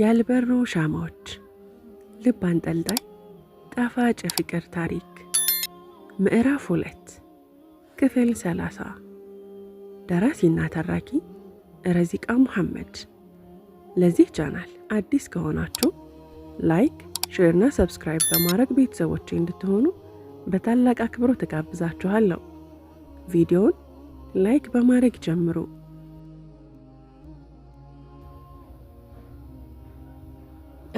ያልበሩ ሻማዎች ልብ አንጠልጣይ ጣፋጭ የፍቅር ታሪክ ምዕራፍ ሁለት ክፍል ሰላሳ ደራሲና ተራኪ ረዚቃ ሙሐመድ። ለዚህ ቻናል አዲስ ከሆናችሁ ላይክ፣ ሼርና ሰብስክራይብ በማድረግ ቤተሰቦቼ እንድትሆኑ በታላቅ አክብሮ ተጋብዛችኋለሁ። ቪዲዮውን ላይክ በማድረግ ጀምሩ።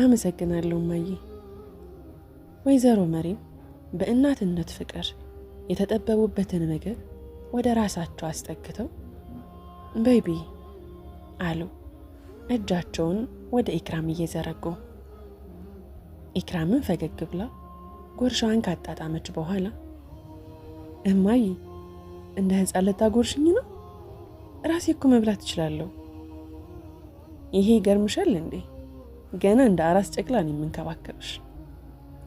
አመሰግናለሁ እማዬ። ወይዘሮ መሪም በእናትነት ፍቅር የተጠበቡበትን ምግብ ወደ ራሳቸው አስጠግተው ቤቢ አሉ፣ እጃቸውን ወደ ኢክራም እየዘረጉ። ኢክራምን ፈገግ ብላ ጉርሻዋን ካጣጣመች በኋላ እማዬ እንደ ሕፃን ልታጎርሽኝ ነው? ራሴ እኮ መብላት እችላለሁ። ይሄ ይገርምሻል እንዴ? ገና እንደ አራስ ጨቅላን የምንከባከብሽ።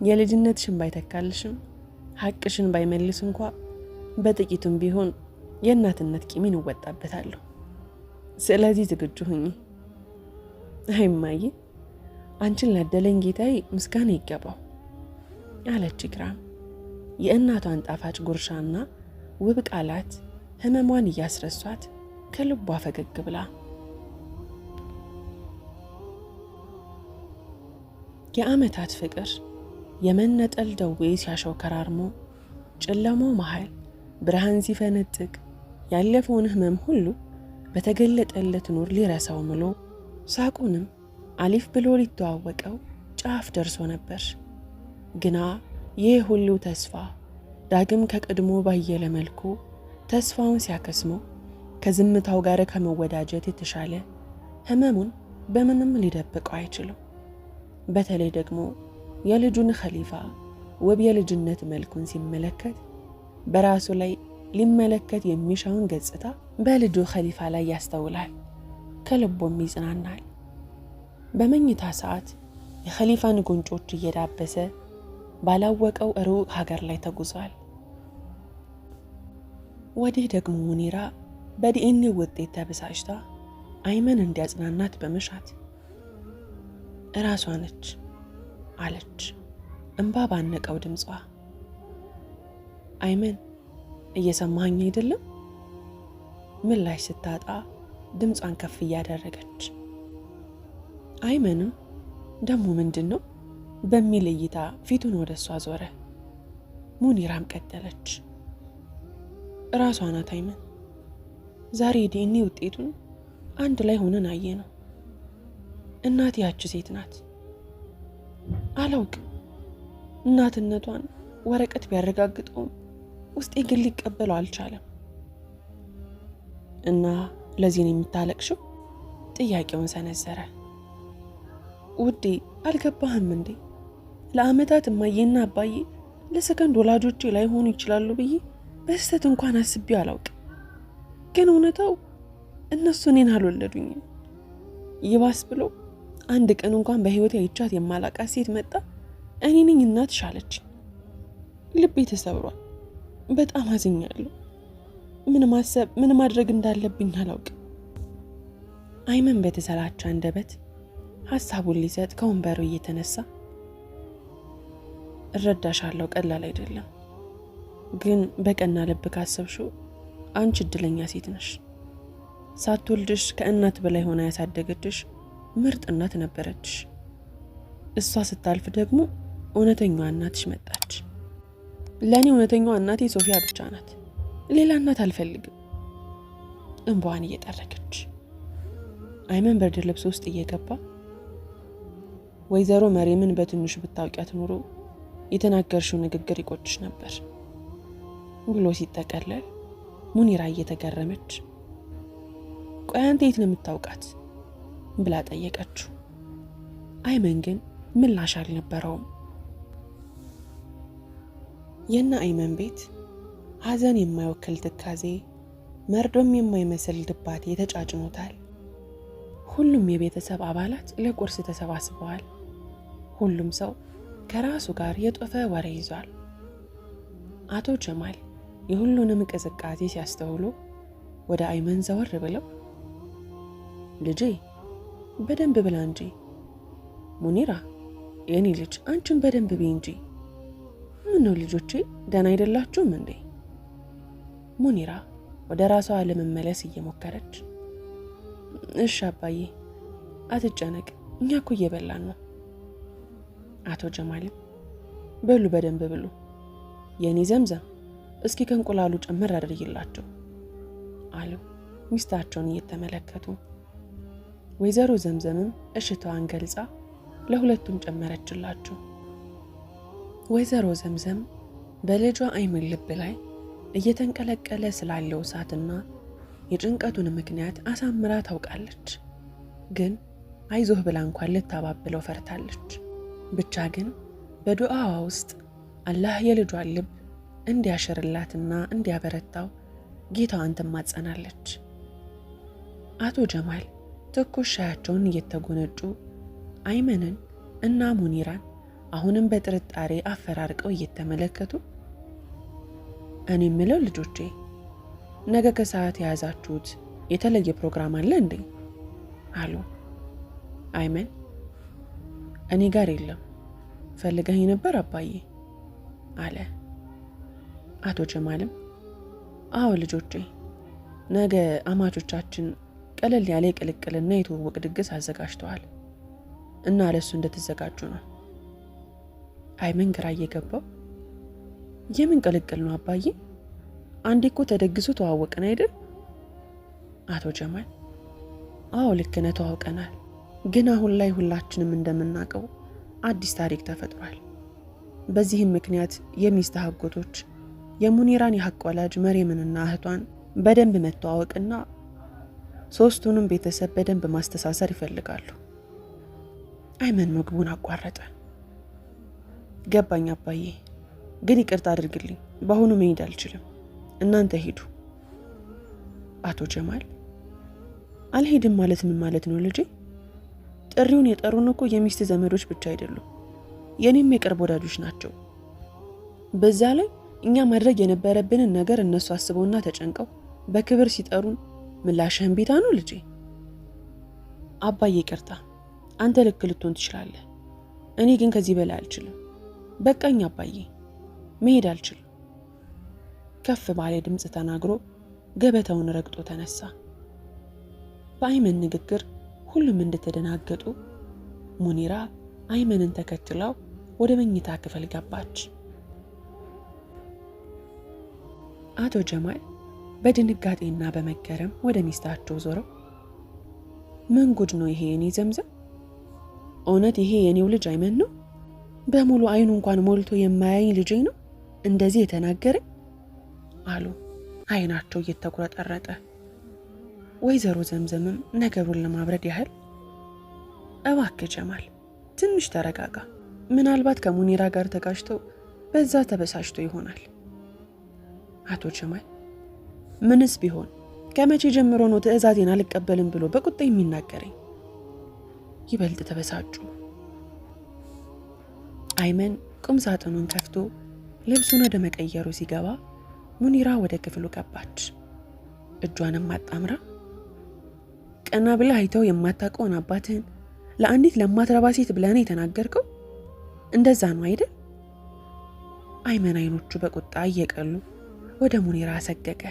የልጅነትሽን ባይተካልሽም ሀቅሽን ባይመልስ እንኳ በጥቂቱም ቢሆን የእናትነት ቂሜን እወጣበታለሁ። ስለዚህ ዝግጁ ሁኚ። አይማዬ አንቺን ላደለኝ ጌታዬ ምስጋና ይገባው አለች ግራም። የእናቷን ጣፋጭ ጉርሻና ውብ ቃላት ህመሟን እያስረሷት ከልቧ ፈገግ ብላ የዓመታት ፍቅር የመነጠል ደዌ ሲያሸው ከራርሞ ጨለማው መሃል ብርሃን ሲፈነጥቅ ያለፈውን ህመም ሁሉ በተገለጠለት ኑር ሊረሳው ምሎ ሳቁንም አሊፍ ብሎ ሊተዋወቀው ጫፍ ደርሶ ነበር። ግና ይህ ሁሉ ተስፋ ዳግም ከቀድሞ ባየለ መልኩ ተስፋውን ሲያከስሞ ከዝምታው ጋር ከመወዳጀት የተሻለ ህመሙን በምንም ሊደብቀው አይችልም። በተለይ ደግሞ የልጁን ኸሊፋ ውብ የልጅነት መልኩን ሲመለከት በራሱ ላይ ሊመለከት የሚሻውን ገጽታ በልጁ ኸሊፋ ላይ ያስተውላል፣ ከልቦም ይጽናናል። በመኝታ ሰዓት የኸሊፋን ጉንጮች እየዳበሰ ባላወቀው ሩቅ ሀገር ላይ ተጉዟል። ወዲህ ደግሞ ሙኒራ በዲኤንኤ ውጤት ተበሳጭታ አይመን እንዲያጽናናት በመሻት እራሷ ነች አለች እንባ ባነቀው ድምጿ። አይመን እየሰማኝ አይደለም? ምላሽ ስታጣ ድምጿን ከፍ እያደረገች አይመንም ደሞ ምንድን ነው በሚል እይታ ፊቱን ወደ እሷ ዞረ። ሙኒራም ቀጠለች። እራሷ ናት አይመን። ዛሬ ዲኒ ውጤቱን አንድ ላይ ሆነን አየ ነው እናት ያቺ ሴት ናት። አላውቅም እናትነቷን ወረቀት ቢያረጋግጠውም ውስጤ ግን ሊቀበለው አልቻለም። እና ለዚህ ነው የምታለቅሽው? ጥያቄውን ሰነዘረ። ውዴ አልገባህም እንዴ? ለአመታት እማዬና አባዬ ለሰከንድ ወላጆቼ ላይሆኑ ይችላሉ ብዬ በስተት እንኳን አስቤ አላውቅ ግን እውነታው እነሱ እኔን አልወለዱኝም። ይባስ ብሎ አንድ ቀን እንኳን በህይወት አይቻት የማላቃት ሴት መጣ እኔ ነኝ እናትሽ አለችኝ። ልቤ ተሰብሯል። በጣም አዝኛለሁ። ምን ማሰብ ምን ማድረግ እንዳለብኝ አላውቅም። አይመን በተሰላቸ አንደበት ሀሳቡን ሊሰጥ ከወንበሩ እየተነሳ እረዳሻለሁ፣ ቀላል አይደለም፣ ግን በቀና ልብ ካሰብሽው አንቺ እድለኛ ሴት ነሽ። ሳትወልድሽ ከእናት በላይ ሆና ያሳደገችሽ ምርጥ እናት ነበረች። እሷ ስታልፍ ደግሞ እውነተኛዋ እናትሽ መጣች። ለእኔ እውነተኛዋ እናቴ ሶፊያ ብቻ ናት። ሌላ እናት አልፈልግም። እንባዋን እየጠረገች አይመን ብርድ ልብስ ውስጥ እየገባ ወይዘሮ መሬምን በትንሹ ብታውቂያት ኑሮ የተናገርሽው ንግግር ይቆጭሽ ነበር ብሎ ሲጠቀለል ሙኒራ እየተገረመች ቆይ አንተ የት ነው የምታውቃት ብላ ጠየቀችው። አይመን ግን ምላሽ አልነበረውም። የእነ አይመን ቤት ሐዘን የማይወክል ትካዜ፣ መርዶም የማይመስል ድባቴ ተጫጭኖታል። ሁሉም የቤተሰብ አባላት ለቁርስ ተሰባስበዋል። ሁሉም ሰው ከራሱ ጋር የጦፈ ወሬ ይዟል። አቶ ጀማል የሁሉንም ቅዝቃዜ ሲያስተውሉ ወደ አይመን ዘወር ብለው ልጄ በደንብ ብላ እንጂ ሙኒራ፣ የኔ ልጅ አንቺን በደንብ ብይ እንጂ። ነው ልጆቼ ደህና አይደላችሁም እንዴ? ሙኒራ ወደ ራሷ ለመመለስ እየሞከረች እሺ አባዬ፣ አትጨነቅ፣ እኛ እኮ እየበላን ነው። አቶ ጀማልም በሉ በደንብ ብሉ፣ የእኔ ዘምዘም እስኪ ከእንቁላሉ ጨምር አድርጊላቸው አሉ ሚስታቸውን እየተመለከቱ ወይዘሮ ዘምዘምም እሽታዋን ገልጻ ለሁለቱም ጨመረችላቸው። ወይዘሮ ዘምዘም በልጇ አይምን ልብ ላይ እየተንቀለቀለ ስላለው እሳትና የጭንቀቱን ምክንያት አሳምራ ታውቃለች። ግን አይዞህ ብላ እንኳን ልታባብለው ፈርታለች። ብቻ ግን በዱዓዋ ውስጥ አላህ የልጇን ልብ እንዲያሽርላትና እንዲያበረታው ጌታዋን ትማጸናለች። አቶ ጀማል ትኩስ ሻያቸውን እየተጎነጩ አይመንን እና ሙኒራን አሁንም በጥርጣሬ አፈራርቀው እየተመለከቱ እኔ የምለው ልጆቼ ነገ ከሰዓት የያዛችሁት የተለየ ፕሮግራም አለ እንዴ? አሉ። አይመን እኔ ጋር የለም፣ ፈልገህ ነበር አባዬ አለ። አቶ ጀማልም አዎ ልጆቼ፣ ነገ አማቾቻችን ቀለል ያለ የቅልቅልና የተዋወቅ ድግስ አዘጋጅተዋል እና ለሱ እንደተዘጋጁ ነው። አይመን ግራ እየገባው የምን ቅልቅል ነው አባዬ? አንዴ እኮ ተደግሶ ተዋወቅን አይደል? አቶ ጀማል አዎ ልክ ነህ፣ ተዋውቀናል። ግን አሁን ላይ ሁላችንም እንደምናውቀው አዲስ ታሪክ ተፈጥሯል። በዚህም ምክንያት የሚስት አጎቶች የሙኒራን የሀቅ ወላጅ መሬምንና እህቷን በደንብ መተዋወቅና ሶስቱንም ቤተሰብ በደንብ ማስተሳሰር ይፈልጋሉ። አይመን ምግቡን አቋረጠ። ገባኝ አባዬ፣ ግን ይቅርታ አድርግልኝ፣ በአሁኑ መሄድ አልችልም። እናንተ ሂዱ። አቶ ጀማል አልሄድም ማለት ምን ማለት ነው ልጄ? ጥሪውን የጠሩን እኮ የሚስት ዘመዶች ብቻ አይደሉም፣ የኔም የቅርብ ወዳጆች ናቸው። በዛ ላይ እኛ ማድረግ የነበረብንን ነገር እነሱ አስበውና ተጨንቀው በክብር ሲጠሩን ምላሽህን ቤታ ነው ልጄ። አባዬ ይቅርታ፣ አንተ ልክ ልትሆን ትችላለህ። እኔ ግን ከዚህ በላይ አልችልም። በቃኝ አባዬ፣ መሄድ አልችልም። ከፍ ባለ ድምፅ ተናግሮ ገበታውን ረግጦ ተነሳ። በአይመን ንግግር ሁሉም እንደተደናገጡ ሙኒራ አይመንን ተከትለው ወደ መኝታ ክፍል ገባች። አቶ ጀማል በድንጋጤና በመገረም ወደ ሚስታቸው ዞረው ምን ጉድ ነው ይሄ የኔ ዘምዘም? እውነት ይሄ የኔው ልጅ አይመን ነው? በሙሉ አይኑ እንኳን ሞልቶ የማያኝ ልጄ ነው እንደዚህ የተናገረኝ አሉ አይናቸው እየተቆረጠረጠ ወይዘሮ ዘምዘምም ነገሩን ለማብረድ ያህል እባክ ጀማል ትንሽ ተረጋጋ፣ ምናልባት ከሙኒራ ጋር ተጋጭተው በዛ ተበሳጭቶ ይሆናል። አቶ ጀማል ምንስ ቢሆን ከመቼ ጀምሮ ነው ትዕዛዜን አልቀበልም ብሎ በቁጣ የሚናገረኝ? ይበልጥ ተበሳጩ። አይመን ቁም ሳጥኑን ከፍቶ ልብሱን ወደ መቀየሩ ሲገባ ሙኒራ ወደ ክፍሉ ገባች። እጇንም አጣምራ ቀና ብለህ አይተው የማታውቀውን አባትህን ለአንዲት ለማትረባ ሴት ብለን የተናገርከው? እንደዛ ነው አይደል? አይመን አይኖቹ በቁጣ እየቀሉ ወደ ሙኒራ ሰገቀ።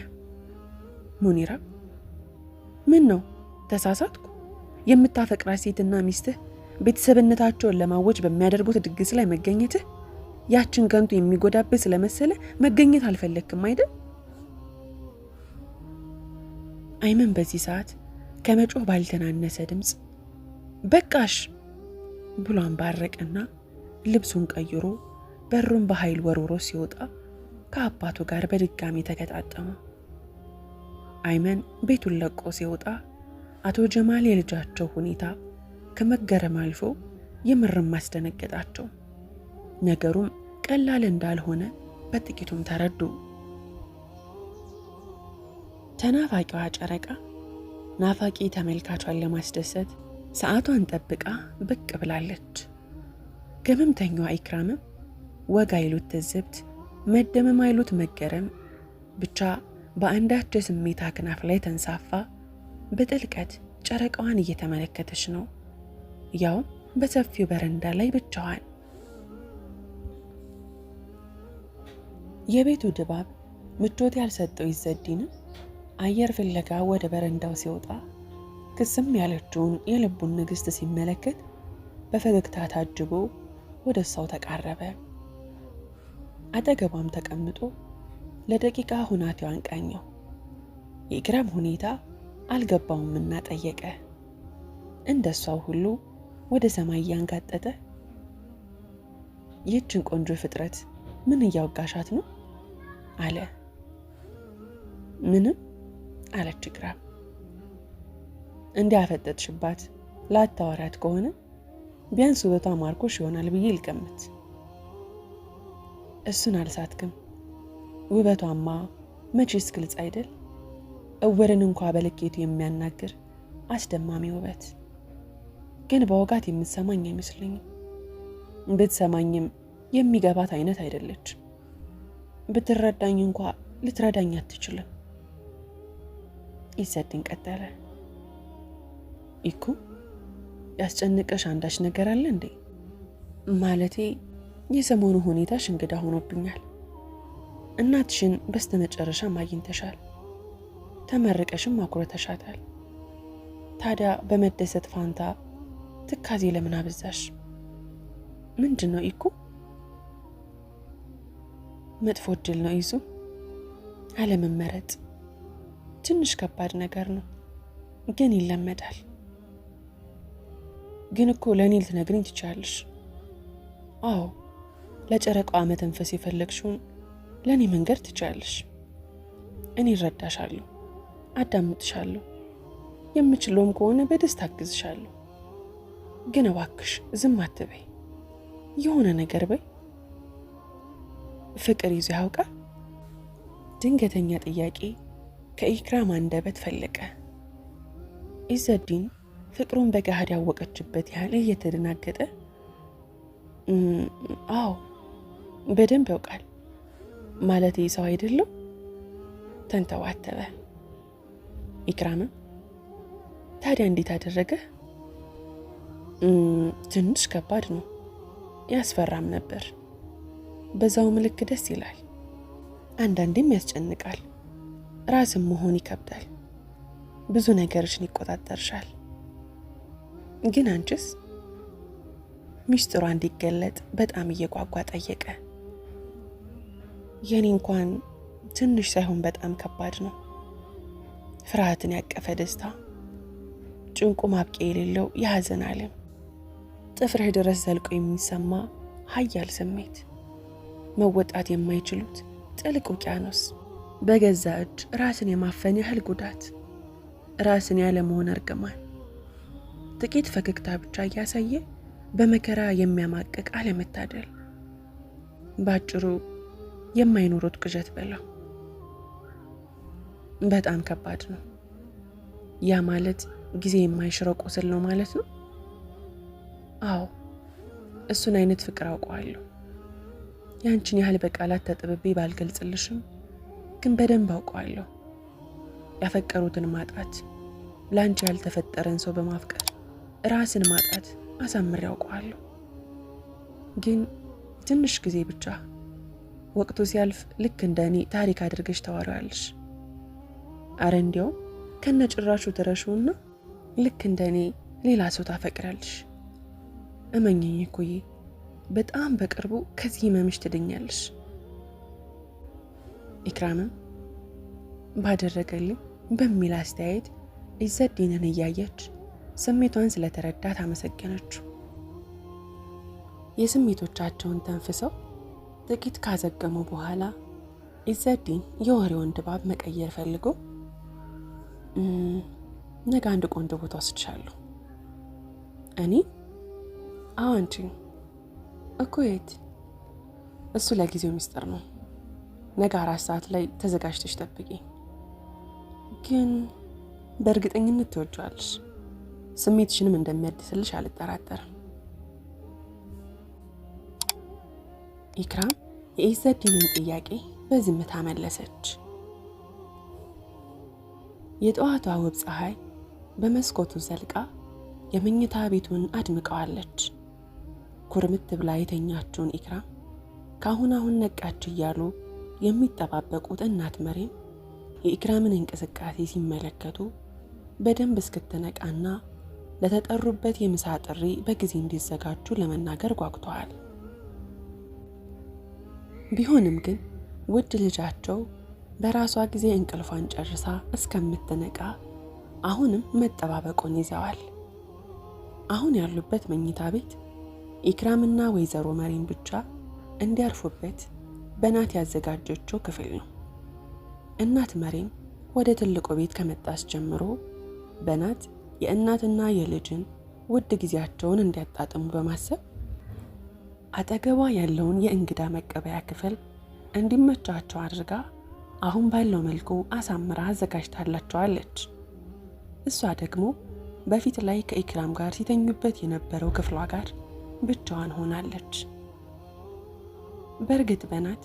ሙኒራ ምን ነው ተሳሳትኩ? የምታፈቅራት ሴትና ሚስትህ ቤተሰብነታቸውን ለማወጅ በሚያደርጉት ድግስ ላይ መገኘትህ ያችን ከንቱ የሚጎዳብህ ስለመሰለ መገኘት አልፈለግክም አይደል? አይመን በዚህ ሰዓት ከመጮህ ባልተናነሰ ድምፅ በቃሽ ብሎ አንባረቀና ልብሱን ቀይሮ በሩን በኃይል ወርውሮ ሲወጣ ከአባቱ ጋር በድጋሚ ተገጣጠሙ። አይመን ቤቱን ለቆ ሲወጣ አቶ ጀማል የልጃቸው ሁኔታ ከመገረም አልፎ የምርም አስደነገጣቸው። ነገሩም ቀላል እንዳልሆነ በጥቂቱም ተረዱ። ተናፋቂዋ ጨረቃ ናፋቂ ተመልካቿን ለማስደሰት ሰዓቷን ጠብቃ ብቅ ብላለች። ገመምተኛዋ ኢክራምም ወግ አይሉት ትዝብት፣ መደመም አይሉት መገረም ብቻ በአንዳች የስሜት አክናፍ ላይ ተንሳፋ በጥልቀት ጨረቃዋን እየተመለከተች ነው፣ ያውም በሰፊው በረንዳ ላይ ብቻዋን። የቤቱ ድባብ ምቾት ያልሰጠው ይዘዲንም አየር ፍለጋ ወደ በረንዳው ሲወጣ ክስም ያለችውን የልቡን ንግሥት ሲመለከት በፈገግታ ታጅቦ ወደ እሷው ተቃረበ። አጠገቧም ተቀምጦ ለደቂቃ ሁናቴዋን ቃኘው። የግራም ሁኔታ አልገባውምና ጠየቀ። እንደሷው ሁሉ ወደ ሰማይ እያንጋጠጠ ይህችን ቆንጆ ፍጥረት ምን እያወጋሻት ነው? አለ። ምንም አለች ግራም። እንዲያፈጠጥሽባት ላታወሪያት ከሆነ ቢያንስ ውበቷ ማርኮሽ ይሆናል ብዬ ልገምት። እሱን አልሳትክም። ውበቷማ መቼስ ግልጽ አይደል? እውርን እንኳ በልኬቱ የሚያናግር አስደማሚ ውበት። ግን በወጋት የምትሰማኝ አይመስለኝም። ብትሰማኝም የሚገባት አይነት አይደለች። ብትረዳኝ እንኳ ልትረዳኝ አትችልም። ይሰድን ቀጠለ። ይኩ ያስጨንቀሽ አንዳች ነገር አለ እንዴ? ማለቴ የሰሞኑ ሁኔታሽ እንግዳ ሆኖብኛል። እናትሽን በስተ መጨረሻም አግኝተሻል፣ ተመርቀሽም አኩርተሻታል። ታዲያ በመደሰት ፋንታ ትካዜ ለምን አበዛሽ? ምንድን ነው ይኩ? መጥፎ እድል ነው ይዙ አለመመረጥ። ትንሽ ከባድ ነገር ነው፣ ግን ይለመዳል። ግን እኮ ለእኔ ልትነግሪኝ ትችላለሽ። አዎ ለጨረቃዋ መተንፈስ የፈለግሽውን ለእኔ መንገድ ትችላለሽ። እኔ እረዳሻለሁ፣ አዳምጥሻለሁ፣ የምችለውም ከሆነ በደስታ አግዝሻለሁ። ግን እባክሽ ዝም አትበይ፣ የሆነ ነገር በይ። ፍቅር ይዞ ያውቃል? ድንገተኛ ጥያቄ ከኢክራም አንደበት ፈለቀ። ኢዘዲን ፍቅሩን በገሃድ ያወቀችበት ያህል እየተደናገጠ አዎ፣ በደንብ ያውቃል ማለት ይህ ሰው አይደለም ተንተዋተበ። ኢክራምም ታዲያ እንዴት አደረገ? ትንሽ ከባድ ነው፣ ያስፈራም ነበር። በዛው ምልክ ደስ ይላል፣ አንዳንዴም ያስጨንቃል። ራስም መሆን ይከብዳል። ብዙ ነገሮችን ይቆጣጠርሻል። ግን አንቺስ? ሚስጥሯ እንዲገለጥ በጣም እየጓጓ ጠየቀ። የኔ እንኳን ትንሽ ሳይሆን በጣም ከባድ ነው። ፍርሃትን ያቀፈ ደስታ፣ ጭንቁ ማብቂያ የሌለው የሐዘን ዓለም፣ ጥፍርህ ድረስ ዘልቆ የሚሰማ ሀያል ስሜት፣ መወጣት የማይችሉት ጥልቅ ውቅያኖስ፣ በገዛ እጅ ራስን የማፈን ያህል ጉዳት፣ ራስን ያለመሆን እርግማን፣ ጥቂት ፈገግታ ብቻ እያሳየ በመከራ የሚያማቅቅ አለመታደል በአጭሩ የማይኖሩት ቅዠት በለው። በጣም ከባድ ነው። ያ ማለት ጊዜ የማይሽረው ቁስል ነው ማለት ነው። አዎ እሱን አይነት ፍቅር አውቀዋለሁ። ያንቺን ያህል በቃላት ተጥብቤ ባልገልጽልሽም ግን በደንብ አውቀዋለሁ። ያፈቀሩትን ማጣት፣ ለአንቺ ያልተፈጠረን ሰው በማፍቀር ራስን ማጣት አሳምሬ አውቀዋለሁ። ግን ትንሽ ጊዜ ብቻ ወቅቱ ሲያልፍ ልክ እንደ እኔ ታሪክ አድርገሽ ተዋሪዋለሽ። አረ እንዲያውም ከነ ጭራሹ ትረሺውና ልክ እንደ እኔ ሌላ ሰው ታፈቅራለሽ። እመኝኝ እኮዬ፣ በጣም በቅርቡ ከዚህ መምሽ ትድኛለሽ። ኢክራምም ባደረገልኝ በሚል አስተያየት ኢዘዲንን እያየች ስሜቷን ስለተረዳት አመሰገነችው። የስሜቶቻቸውን ተንፍሰው ጥቂት ካዘገሙ በኋላ ኢዘዲን የወሬውን ድባብ መቀየር ፈልጎ ነገ አንድ ቆንጆ ቦታ ወስድሻለሁ። እኔ አዎ፣ አንቺ እኮ የት? እሱ ለጊዜው ሚስጥር ነው። ነገ አራት ሰዓት ላይ ተዘጋጅተሽ ጠብቂ። ግን በእርግጠኝነት ትወጂዋለሽ። ስሜትሽንም እንደሚያድስልሽ አልጠራጠርም። ኢክራም የኢዘዲንን ጥያቄ በዝምታ መለሰች። የጠዋቷ ውብ ፀሐይ በመስኮቱ ዘልቃ የመኝታ ቤቱን አድምቀዋለች። ኩርምት ብላ የተኛችውን ኢክራም ከአሁን አሁን ነቃች እያሉ የሚጠባበቁት እናት መሬም የኢክራምን እንቅስቃሴ ሲመለከቱ በደንብ እስክትነቃና ለተጠሩበት የምሳ ጥሪ በጊዜ እንዲዘጋጁ ለመናገር ጓጉተዋል። ቢሆንም ግን ውድ ልጃቸው በራሷ ጊዜ እንቅልፏን ጨርሳ እስከምትነቃ አሁንም መጠባበቁን ይዘዋል። አሁን ያሉበት መኝታ ቤት ኢክራምና ወይዘሮ መሪም ብቻ እንዲያርፉበት በናት ያዘጋጀችው ክፍል ነው። እናት መሪም ወደ ትልቁ ቤት ከመጣስ ጀምሮ በናት የእናትና የልጅን ውድ ጊዜያቸውን እንዲያጣጥሙ በማሰብ አጠገቧ ያለውን የእንግዳ መቀበያ ክፍል እንዲመቻቸው አድርጋ አሁን ባለው መልኩ አሳምራ አዘጋጅታላቸዋለች። እሷ ደግሞ በፊት ላይ ከኢክራም ጋር ሲተኙበት የነበረው ክፍሏ ጋር ብቻዋን ሆናለች። በእርግጥ በናት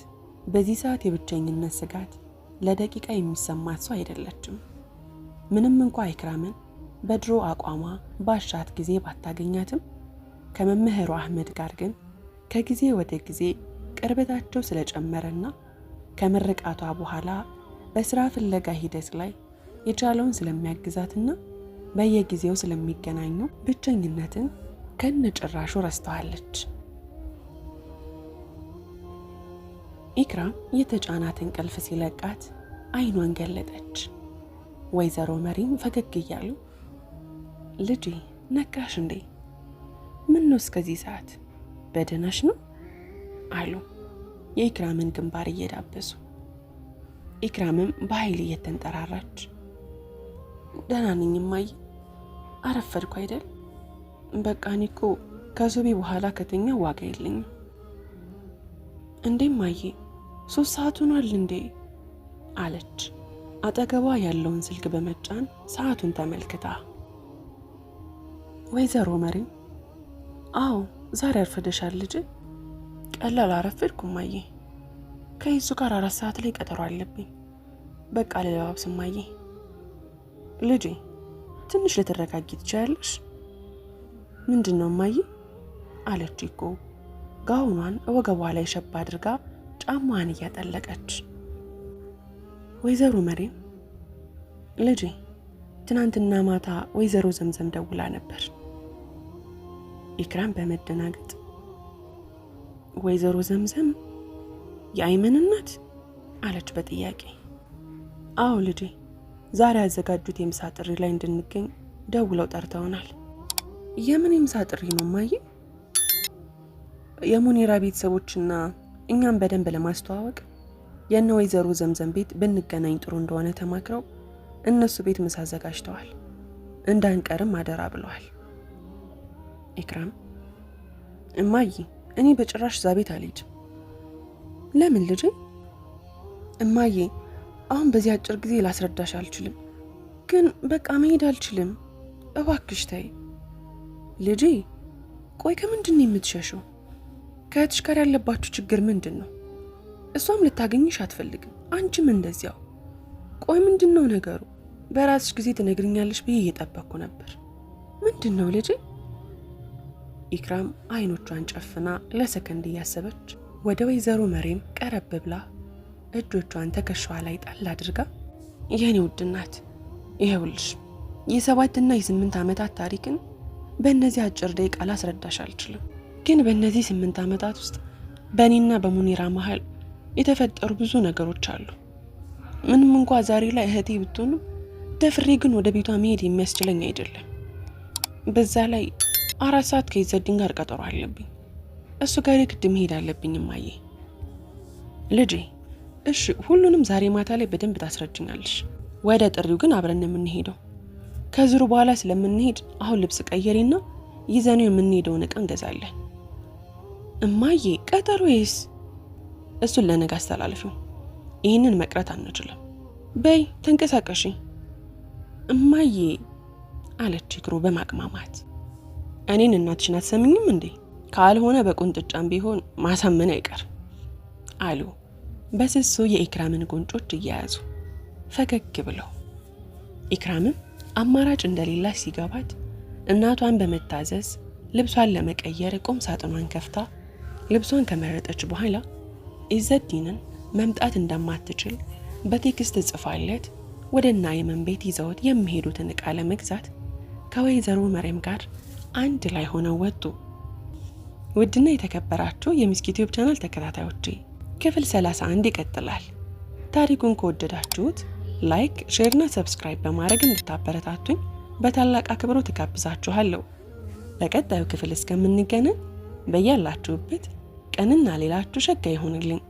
በዚህ ሰዓት የብቸኝነት ስጋት ለደቂቃ የሚሰማት ሰው አይደለችም። ምንም እንኳ ኢክራምን በድሮ አቋሟ ባሻት ጊዜ ባታገኛትም ከመምህሩ አህመድ ጋር ግን ከጊዜ ወደ ጊዜ ቅርበታቸው ስለጨመረና ከምርቃቷ በኋላ በስራ ፍለጋ ሂደት ላይ የቻለውን ስለሚያግዛትና በየጊዜው ስለሚገናኙ ብቸኝነትን ከነጭራሹ ረስተዋለች። ኢክራም የተጫናት እንቅልፍ ሲለቃት አይኗን ገለጠች። ወይዘሮ መሪም ፈገግ እያሉ ልጄ ነቃሽ እንዴ? ምን ነው እስከዚህ ሰዓት በደህናሽ ነው አሉ የኢክራምን ግንባር እየዳበሱ። ኢክራምም በኃይል እየተንጠራራች ደህና ነኝ እማዬ፣ አረፈድኩ አይደል? በቃ እኔ እኮ ከሱቢ በኋላ ከተኛ ዋጋ የለኝም። እንዴ እማዬ፣ ሶስት ሰዓት ሆኗል እንዴ አለች። አጠገቧ ያለውን ስልክ በመጫን ሰዓቱን ተመልክታ ወይዘሮ መሪም አዎ ዛሬ አርፈደሻል ልጅ። ቀላል አረፈድኩም እማዬ። ከይዙ ጋር አራት ሰዓት ላይ ቀጠሮ አለብኝ። በቃ ልለባብስ እማዬ። ልጄ ትንሽ ልትረጋጊ ትችያለሽ? ምንድን ነው እማዬ? አለች ይኮ ጋውኗን ወገቧ ላይ ሸባ አድርጋ ጫማዋን እያጠለቀች። ወይዘሮ መሬም ልጄ፣ ትናንትና ማታ ወይዘሮ ዘምዘም ደውላ ነበር ኢክራም በመደናገጥ ወይዘሮ ዘምዘም የአይመን እናት አለች በጥያቄ አዎ ልጄ ዛሬ ያዘጋጁት የምሳ ጥሪ ላይ እንድንገኝ ደውለው ጠርተውናል የምን የምሳ ጥሪ ነው ማየ የሙኒራ ቤተሰቦችና እኛም በደንብ ለማስተዋወቅ የነ ወይዘሮ ዘምዘም ቤት ብንገናኝ ጥሩ እንደሆነ ተማክረው እነሱ ቤት ምሳ አዘጋጅተዋል እንዳንቀርም አደራ ብለዋል ኤክራም እማዬ፣ እኔ በጭራሽ እዛ ቤት አልሄድም። ለምን ልጄ? እማዬ፣ አሁን በዚህ አጭር ጊዜ ላስረዳሽ አልችልም፣ ግን በቃ መሄድ አልችልም። እባክሽ ተይ ልጄ። ቆይ ከምንድን ነው የምትሸሸው? ከእህትሽ ጋር ያለባችሁ ችግር ምንድን ነው? እሷም ልታገኝሽ አትፈልግም፣ አንቺም እንደዚያው። ቆይ ምንድን ነው ነገሩ? በራስሽ ጊዜ ትነግርኛለሽ ብዬ እየጠበቅኩ ነበር። ምንድን ነው ልጄ? ኢክራም አይኖቿን ጨፍና ለሰከንድ እያሰበች ወደ ወይዘሮ መሬም ቀረብ ብላ እጆቿን ትከሻዋ ላይ ጣል አድርጋ የኔ ውድ እናት ይኸውልሽ የሰባትና የስምንት ዓመታት ታሪክን በእነዚህ አጭር ደቂቃ ላስረዳሽ አልችልም። ግን በእነዚህ ስምንት ዓመታት ውስጥ በእኔና በሙኒራ መሀል የተፈጠሩ ብዙ ነገሮች አሉ። ምንም እንኳ ዛሬ ላይ እህቴ ብትሆንም ደፍሬ ግን ወደ ቤቷ መሄድ የሚያስችለኝ አይደለም። በዛ ላይ አራት ሰዓት ከይዘድኝ ጋር ቀጠሮ አለብኝ። እሱ ጋር የግድ መሄድ አለብኝ። ማየ ልጄ፣ እሺ ሁሉንም ዛሬ ማታ ላይ በደንብ ታስረጅኛለሽ። ወደ ጥሪው ግን አብረን የምንሄደው ከዝሩ በኋላ ስለምንሄድ አሁን ልብስ ቀየሪና ይዘነው የምንሄደውን እቃ እንገዛለን። እማዬ ቀጠሮ ይስ እሱን ለነገ አስተላልፊው። ይህንን መቅረት አንችልም። በይ ተንቀሳቀሺ እማዬ አለች እግሩ በማቅማማት እኔን እናትሽን አትሰምኝም እንዴ? ካልሆነ በቁንጥጫም ቢሆን ማሳመን አይቀር አሉ በስሱ የኢክራምን ጉንጮች እየያዙ ፈገግ ብለው። ኢክራምም አማራጭ እንደሌላች ሲገባት እናቷን በመታዘዝ ልብሷን ለመቀየር ቁም ሳጥኗን ከፍታ ልብሷን ከመረጠች በኋላ ኢዘዲንን መምጣት እንደማትችል በቴክስት ጽፋለት ወደ ናይመን ቤት ይዘውት የሚሄዱትን ዕቃ ለመግዛት ከወይዘሮ መሬም ጋር አንድ ላይ ሆነው ወጡ። ውድና የተከበራችሁ የሚስኪ ዩቲዩብ ቻናል ተከታታዮቼ ክፍል 31 ይቀጥላል። ታሪኩን ከወደዳችሁት ላይክ፣ ሼርና ሰብስክራይብ በማድረግ እንድታበረታቱኝ በታላቅ አክብሮት እጋብዛችኋለሁ። በቀጣዩ ክፍል እስከምንገናኝ በያላችሁበት ቀንና ሌላችሁ ሸጋ ይሆንልኝ።